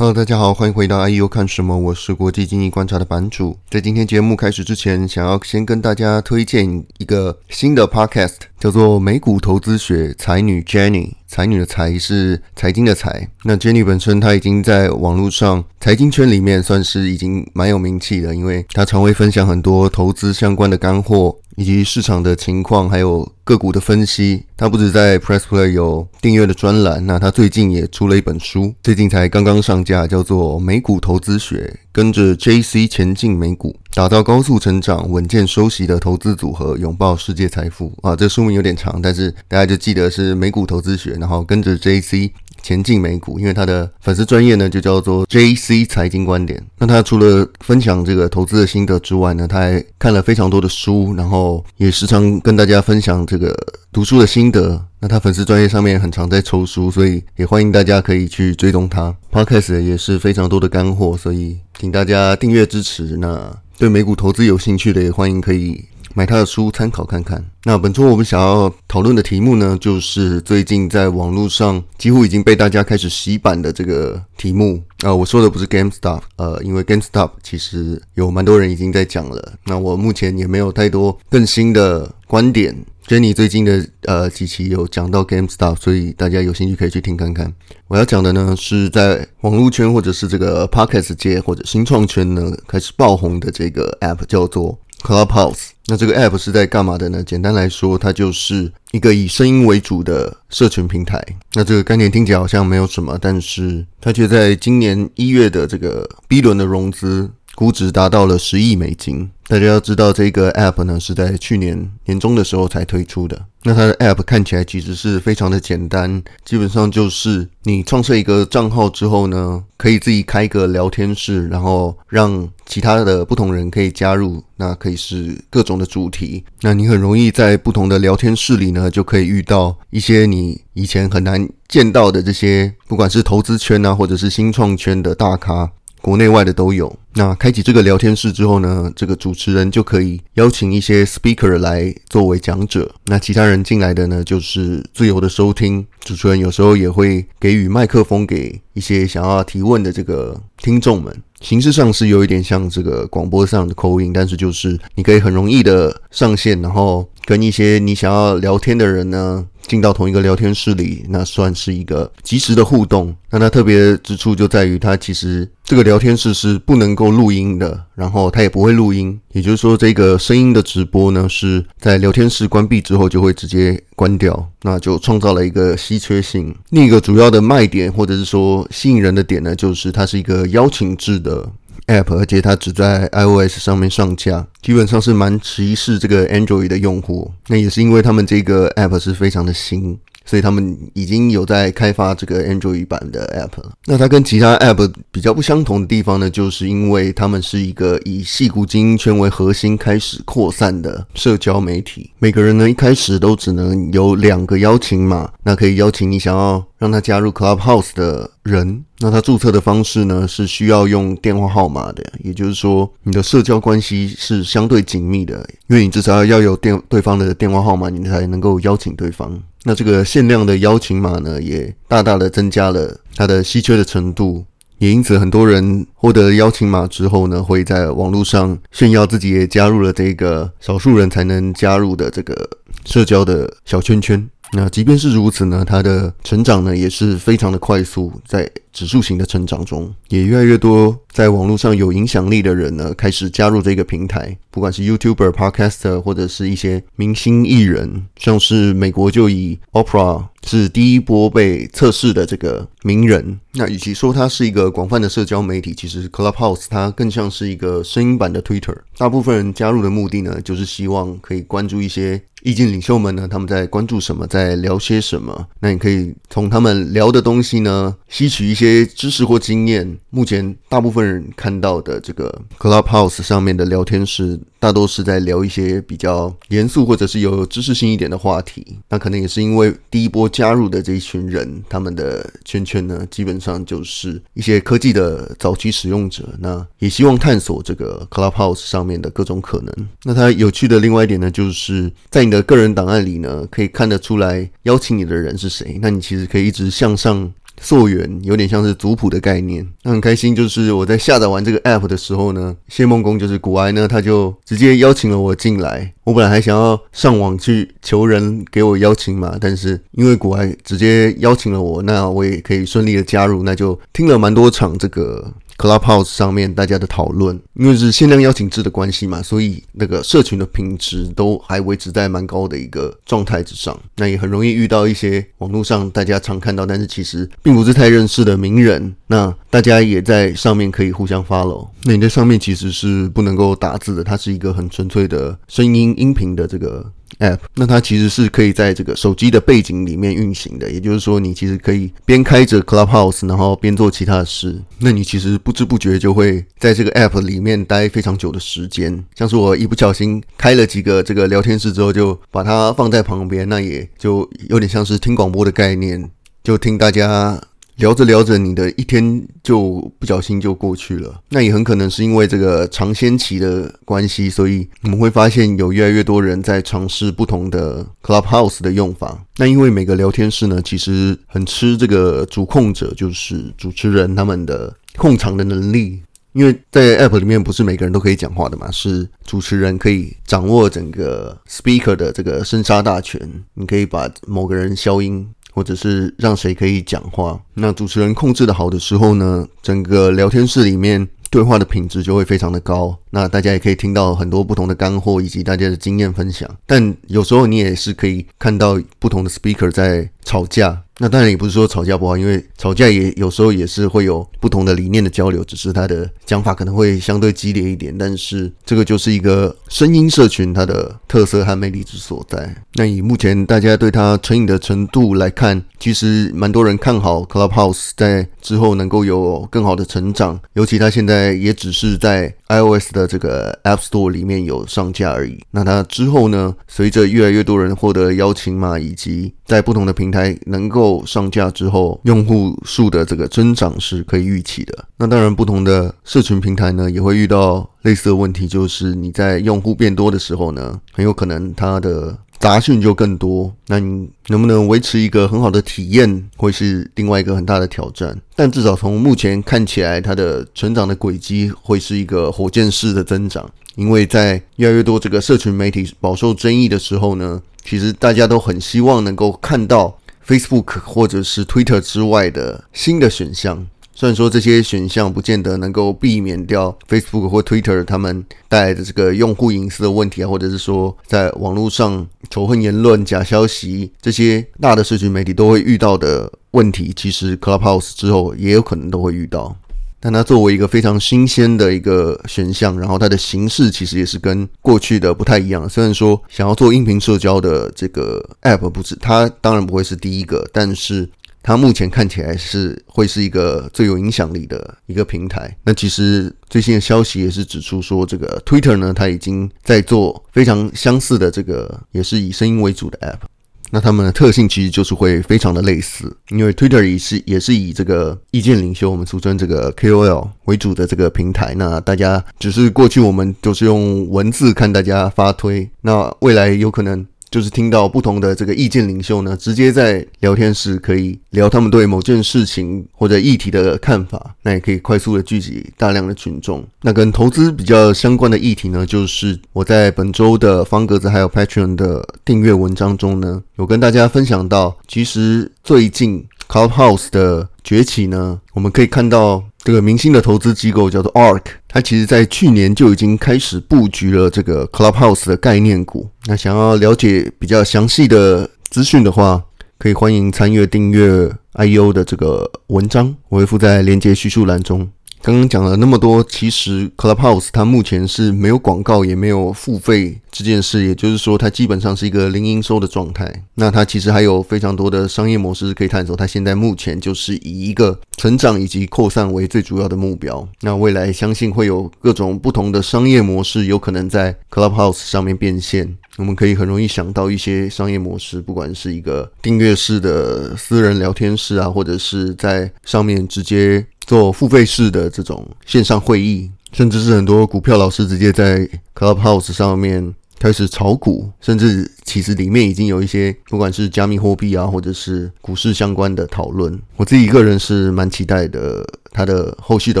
哈嘍，Hello, 大家好，歡迎回到 IEO 看什麼，我是國際經濟觀察的版主。在今天節目開始之前，想要先跟大家推薦一個新的 Podcast。叫做《美股投資學》財女 Jenny，財女的財是財經的財。那 Jenny 本身她已經在網絡上、財經圈裡面算是已經蠻有名氣的，因為她常會分享很多投資相關的乾貨，以及市場的情況，還有個股的分析。她不止在 Press Play 有訂閱的專欄，那她最近也出了一本書，最近才剛剛上架，叫做《美股投資學》，跟着 JC 前進美股。打造高速成長、穩健收息的投資組合，擁抱世界財富啊！這個書名有點長，但是大家就記得是美股投資學，然後跟着 JC 前進美股，因為他的粉絲專頁呢就叫做 JC 財經觀點。那他除了分享這個投資的心得之外呢，他還看了非常多的書，然後也時常跟大家分享這個讀書的心得。那他粉絲專頁上面很常在抽書，所以也歡迎大家可以去追蹤他。Podcast 也是非常多的乾貨，所以請大家訂閱支持。那對美股投資有興趣的，也歡迎可以，買他的書參考看看。那本周我們想要討論的題目呢，就是最近在網絡上幾乎已經被大家開始洗版的這個題目啊、呃。我說的不是 GameStop，呃，因為 GameStop 其實有蠻多人已經在講了。那我目前也沒有太多更新的觀點。Jenny 最近的呃幾期有講到 GameStop，所以大家有興趣可以去聽看看。我要講的呢，是在網絡圈或者是這個 Podcast 界或者新創圈呢開始爆紅的這個 App，叫做。Clubhouse，那這個 App 是在幹嘛的呢？簡單來說，它就是一個以聲音為主的社群平台。那這個概念聽起來好像沒有什麼，但是它卻在今年一月的這個 B 輪的融資。估值達到了十億美金。大家要知道，這個 App 呢，是在去年年中的時候才推出的。那它的 App 看起來其實是非常的簡單，基本上就是你創設一個賬號之後呢，可以自己開一個聊天室，然後讓其他的不同人可以加入。那可以是各種的主題。那你很容易在不同的聊天室裡呢，就可以遇到一些你以前很難見到的這些，不管是投資圈啊，或者是新創圈的大咖。國內外的都有。那開啟這個聊天室之後呢，這個主持人就可以邀請一些 speaker 來作為講者。那其他人進來的呢，就是自由的收聽。主持人有時候也會給予麥克風給一些想要提問的這個聽眾們。形式上是有一點像這個廣播上的 call in，但是就是你可以很容易的上線，然後，跟一些你想要聊天的人呢，進到同一個聊天室裡，那算是一個即時的互動。那它特別之處就在於，它其實這個聊天室是不能夠錄音的，然後它也不會錄音，也就是說這個聲音的直播呢，是在聊天室關閉之後就會直接關掉，那就創造了一個稀缺性。另、那、一個主要的賣點或者是說吸引人的點呢，就是它是一個邀請制的。app，而且它只在 iOS 上面上架，基本上是蠻歧視這個 Android 的用戶，那也是因為他們這個 app 是非常的新。所以他們已經有在開發這個 Android 版的 App。那它跟其他 App 比較不相同的地方呢，就是因為他們是一個以矽谷精英圈為核心開始擴散的社交媒體。每個人呢一開始都只能有兩個邀請碼，那可以邀請你想要讓他加入 Clubhouse 的人。那他註冊的方式呢是需要用電話號碼的，也就是說你的社交關係是相對緊密的，因為你至少要有電對方的電話號碼，你才能夠邀請對方。那這個限量的邀請碼呢，也大大的增加了它的稀缺的程度，也因此很多人獲得邀請碼之後呢，會在網絡上炫耀自己也加入了這個少數人才能加入的這個社交的小圈圈。那即便是如此呢，它的成長呢也是非常的快速，在指數型的成長中，也越來越多在網絡上有影響力的人呢，開始加入這個平台。不管是 YouTuber、Podcaster，或者是一些明星藝人，像是美國就以 Oprah 是第一波被測試的這個名人。那與其說它是一個廣泛的社交媒體，其實 Clubhouse 它更像是一個聲音版的 Twitter。大部分人加入的目的呢，就是希望可以關注一些意見領袖們呢，他們在關注什麼，在聊些什麼。那你可以從他們聊的東西呢，吸取一些。一些知識或經驗，目前大部分人看到的這個 Clubhouse 上面的聊天室，大多是在聊一些比較嚴肅或者是有知識性一點的話題。那可能也是因為第一波加入的這一群人，他們的圈圈呢，基本上就是一些科技的早期使用者。那也希望探索這個 Clubhouse 上面的各種可能。那它有趣的另外一點呢，就是在你的個人檔案裡呢，可以看得出來邀請你的人是誰。那你其實可以一直向上。溯源，有點像是族譜的概念。那很開心，就是我在下載完這個 app 的時候呢，謝孟恭就是古埃呢，他就直接邀請了我進來。我本來還想要上網去求人給我邀請嘛，但是因為古埃直接邀請了我，那我也可以順利的加入，那就聽了蠻多場這個。Clubhouse 上面大家的討論，因為是限量邀請制的關係嘛，所以那個社群的品質都還維持在蠻高的一個狀態之上。那也很容易遇到一些網絡上大家常看到，但是其實並不是太認識的名人。那大家也在上面可以互相 follow。那你在上面其實是不能夠打字的，它是一個很純粹的聲音音頻的這個 app。那它其實是可以在這個手機的背景裡面運行的，也就是說，你其實可以邊開着 Clubhouse，然後邊做其他的事。那你其實不知不覺就會在這個 app 裡面待非常久的時間，像是我一不小心開了幾個這個聊天室之後，就把它放在旁邊，那也就有點像是聽廣播的概念，就聽大家。聊着聊着，你的一天就不小心就過去了。那也很可能是因為這個嘗鮮期的關係，所以我們會發現有越來越多人在嘗試不同的 Clubhouse 的用法。那因為每個聊天室呢，其實很吃這個主控者，就是主持人他們的控場的能力。因為在 app 裡面，不是每個人都可以講話的嘛，是主持人可以掌握整個 speaker 的這個生殺大權，你可以把某個人消音。或者是讓誰可以講話。那主持人控制的好的時候呢，整個聊天室裡面對話的品質就會非常的高。那大家也可以聽到很多不同的乾貨以及大家的經驗分享，但有時候你也是可以看到不同的 speaker 在吵架。那當然也不是說吵架不好，因為吵架也有時候也是會有不同的理念的交流，只是他的講法可能會相對激烈一點。但是這個就是一個聲音社群它的特色和魅力之所在。那以目前大家對它成癮的程度來看，其實蠻多人看好 Clubhouse 在之後能夠有更好的成長，尤其它現在也只是在。iOS 的這個 App Store 裡面有上架而已。那它之後呢，隨着越來越多人獲得邀請碼，以及在不同的平台能夠上架之後，用戶數的這個增長是可以預期的。那當然，不同的社群平台呢，也會遇到類似的問題，就是你在用戶變多的時候呢，很有可能它的，雜訊就更多，那你能不能維持一個很好的體驗，會是另外一個很大的挑戰。但至少從目前看起來，它的成長的軌跡會是一個火箭式的增長，因為在越來越多這個社群媒體飽受爭議的時候呢，其實大家都很希望能夠看到 Facebook 或者是 Twitter 之外的新的選項。雖然說這些選項不見得能夠避免掉 Facebook 或 Twitter 他們帶來的這個用戶隱私的問題啊，或者是說在網絡上仇恨言論、假消息這些大的社群媒體都會遇到的問題，其實 Clubhouse 之後也有可能都會遇到。但它作為一個非常新鮮的一個選項，然後它的形式其實也是跟過去的不太一樣。雖然說想要做音頻社交的這個 App 不止，它當然不會是第一個，但是。它目前看起來是會是一個最有影響力的一個平台。那其實最新的消息也是指出說，這個 Twitter 呢，它已經在做非常相似的這個，也是以聲音為主的 App。那它們的特性其實就是會非常的類似，因為 Twitter 也是也是以這個意見領袖，我們俗稱這個 KOL 為主的這個平台。那大家只是過去我們就是用文字看大家發推，那未來有可能。就是聽到不同的這個意見領袖呢，直接在聊天時可以聊他們對某件事情或者議題的看法，那也可以快速的聚集大量的群眾。那跟投資比較相關的議題呢，就是我在本周的方格子還有 Patreon 的訂閱文章中呢，有跟大家分享到，其實最近。Clubhouse 的崛起呢，我們可以看到這個明星的投資機構叫做 ARK，它其實，在去年就已經開始布局了這個 Clubhouse 的概念股。那想要了解比較詳細的資訊的話，可以歡迎參閱訂閱 IEO 的這個文章，我會附在連接敘述欄中。剛剛講了那麼多，其實 Clubhouse 它目前是沒有廣告，也沒有付費這件事，也就是說，它基本上是一個零營收的狀態。那它其實還有非常多的商業模式可以探索。它現在目前就是以一個成長以及擴散為最主要的目標。那未來相信會有各種不同的商業模式有可能在 Clubhouse 上面變現。我們可以很容易想到一些商業模式，不管是一個訂閱式的私人聊天室啊，或者是在上面直接。做付費式的這種線上會議，甚至是很多股票老師直接在 Clubhouse 上面，開始炒股，甚至其實裡面已經有一些，不管是加密貨幣啊，或者是股市相關的討論。我自己一個人是蠻期待的，它的後續的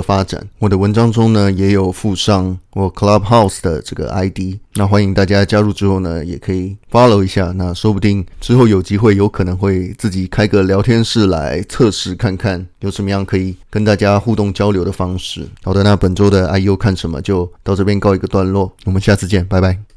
發展。我的文章中呢，也有附上我 Clubhouse 的這個 ID，那歡迎大家加入之後呢，也可以 follow 一下。那說不定之後有機會，有可能會自己開個聊天室來測試看看，有什麼樣可以跟大家互動交流的方式。好的，那本周的 IEO 看什麼就到這邊告一個段落，我們下次見，拜拜。